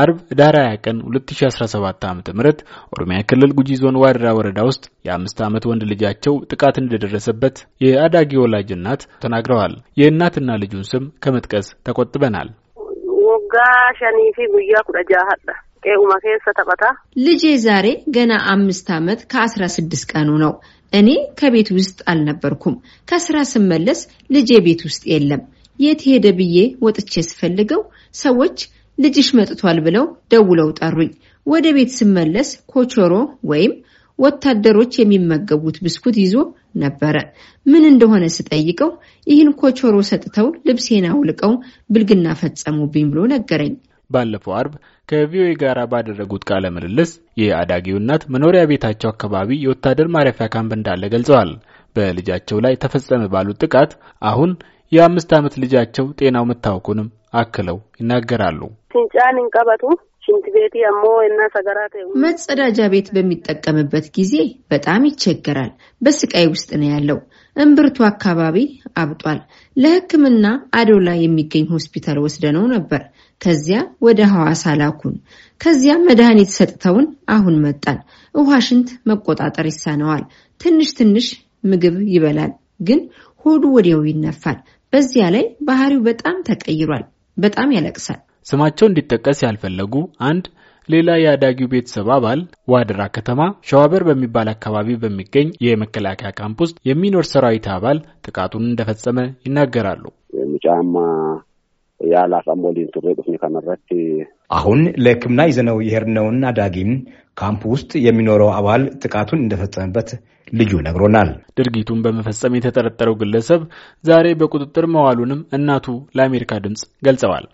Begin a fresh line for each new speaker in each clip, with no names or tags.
አርብ ዳራ 20 ቀን 2017 ዓ.ም ኦሮሚያ ክልል ጉጂ ዞን ዋድራ ወረዳ ውስጥ የአምስት ዓመት ወንድ ልጃቸው ጥቃት እንደደረሰበት የአዳጊ ወላጅ እናት ተናግረዋል። የእናትና ልጁን ስም ከመጥቀስ ተቆጥበናል።
ወጋ ሸኒፊ ጉያ ቁረጃ ልጄ ዛሬ ገና አምስት ዓመት ከአስራ ስድስት ቀኑ ነው። እኔ ከቤት ውስጥ አልነበርኩም። ከስራ ስመለስ ልጄ ቤት ውስጥ የለም። የት ሄደ ብዬ ወጥቼ ስፈልገው ሰዎች ልጅሽ መጥቷል ብለው ደውለው ጠሩኝ። ወደ ቤት ስመለስ ኮቾሮ ወይም ወታደሮች የሚመገቡት ብስኩት ይዞ ነበረ። ምን እንደሆነ ስጠይቀው ይህን ኮቾሮ ሰጥተው ልብሴን አውልቀው ብልግና ፈጸሙብኝ ብሎ ነገረኝ።
ባለፈው አርብ ከቪኦኤ ጋር ባደረጉት ቃለ ምልልስ የአዳጊው እናት መኖሪያ ቤታቸው አካባቢ የወታደር ማረፊያ ካምፕ እንዳለ ገልጸዋል። በልጃቸው ላይ ተፈጸመ ባሉት ጥቃት አሁን የአምስት ዓመት ልጃቸው ጤናው መታወኩንም አክለው ይናገራሉ።
ፍንጫን እንቀበቱ ሽንት ቤት ሞ እና ሰገራት መጸዳጃ ቤት በሚጠቀምበት ጊዜ በጣም ይቸገራል። በስቃይ ውስጥ ነው ያለው። እምብርቱ አካባቢ አብጧል። ለሕክምና አዶላ የሚገኝ ሆስፒታል ወስደነው ነበር። ከዚያ ወደ ሐዋሳ ላኩን። ከዚያ መድኃኒት ሰጥተውን አሁን መጣን። ውሃ ሽንት መቆጣጠር ይሳነዋል። ትንሽ ትንሽ ምግብ ይበላል፣ ግን ሆዱ ወዲያው ይነፋል። በዚያ ላይ ባህሪው በጣም ተቀይሯል። በጣም ያለቅሳል።
ስማቸው እንዲጠቀስ ያልፈለጉ አንድ ሌላ የአዳጊው ቤተሰብ አባል ዋድራ ከተማ ሸዋበር በሚባል አካባቢ በሚገኝ የመከላከያ ካምፕ ውስጥ የሚኖር ሰራዊት አባል ጥቃቱን እንደፈጸመ ይናገራሉ። ጫማ አሁን ለሕክምና ይዘነው የሄድነውን አዳጊም ካምፕ ውስጥ የሚኖረው አባል ጥቃቱን እንደፈጸመበት ልዩ ነግሮናል። ድርጊቱን በመፈጸም የተጠረጠረው ግለሰብ ዛሬ በቁጥጥር መዋሉንም እናቱ ለአሜሪካ ድምጽ ገልጸዋል።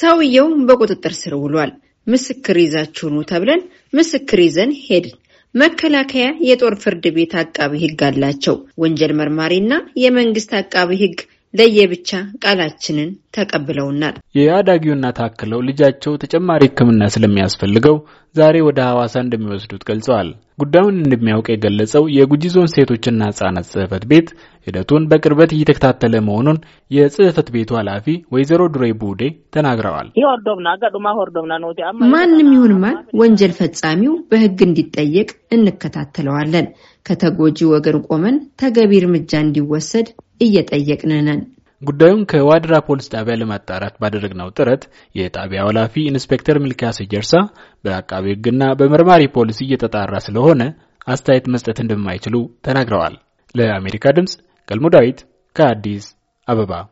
ሰውየው በቁጥጥር ስር ውሏል። ምስክር ይዛችሁኑ ተብለን ምስክር ይዘን ሄድን። መከላከያ የጦር ፍርድ ቤት አቃቢ ህግ አላቸው። ወንጀል መርማሪና የመንግስት አቃቢ ህግ ለየብቻ ቃላችንን ተቀብለውናል።
የአዳጊው እናት አክለው ልጃቸው ተጨማሪ ሕክምና ስለሚያስፈልገው ዛሬ ወደ ሐዋሳ እንደሚወስዱት ገልጸዋል። ጉዳዩን እንደሚያውቅ የገለጸው የጉጂ ዞን ሴቶችና ሕጻናት ጽህፈት ቤት ሂደቱን በቅርበት እየተከታተለ መሆኑን የጽህፈት ቤቱ ኃላፊ ወይዘሮ ድሬ ቡዴ ተናግረዋል።
ማንም ይሁን ማን ወንጀል ፈጻሚው በህግ እንዲጠየቅ እንከታተለዋለን። ከተጎጂ ወገን ቆመን ተገቢ እርምጃ እንዲወሰድ እየጠየቅን ነን።
ጉዳዩን ከዋድራ ፖሊስ ጣቢያ ለማጣራት ባደረግነው ጥረት የጣቢያው ኃላፊ ኢንስፔክተር ሚልኪያስ ጀርሳ በአቃቢ ሕግና በመርማሪ ፖሊስ እየተጣራ ስለሆነ አስተያየት መስጠት እንደማይችሉ ተናግረዋል። ለአሜሪካ ድምፅ ገልሞ ዳዊት ከአዲስ አበባ